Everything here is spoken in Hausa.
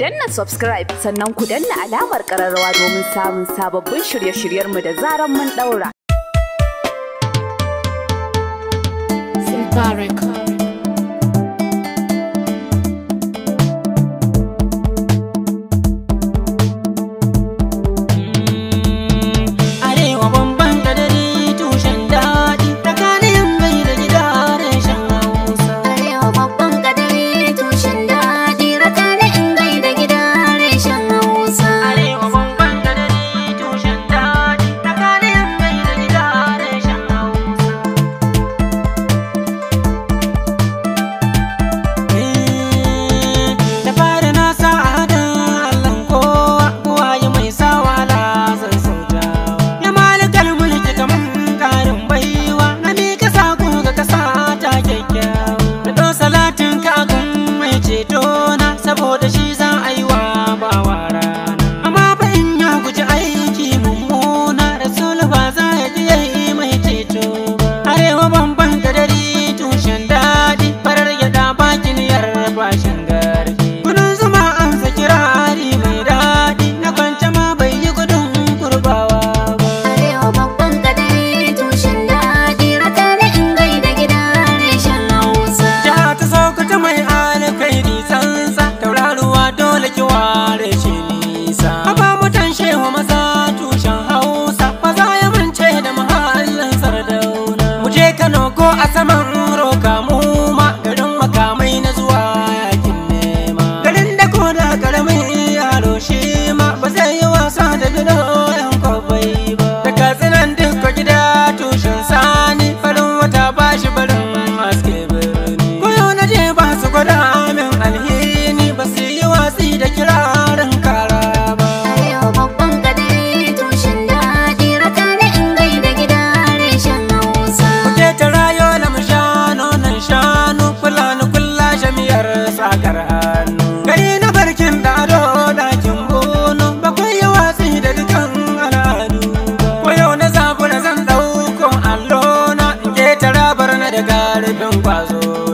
danna subscribe sannan ku danna alamar kararrawa domin samun sababbin shirye-shiryenmu da zaran mun daura. Sai cómo? sakar hannu gari na barkin ɗaro ɗakin bunu bakwai yi watsi da dukan al'adu ko yau na zabu na zan ɗauko allona in ke tarabar na da garibin kwazo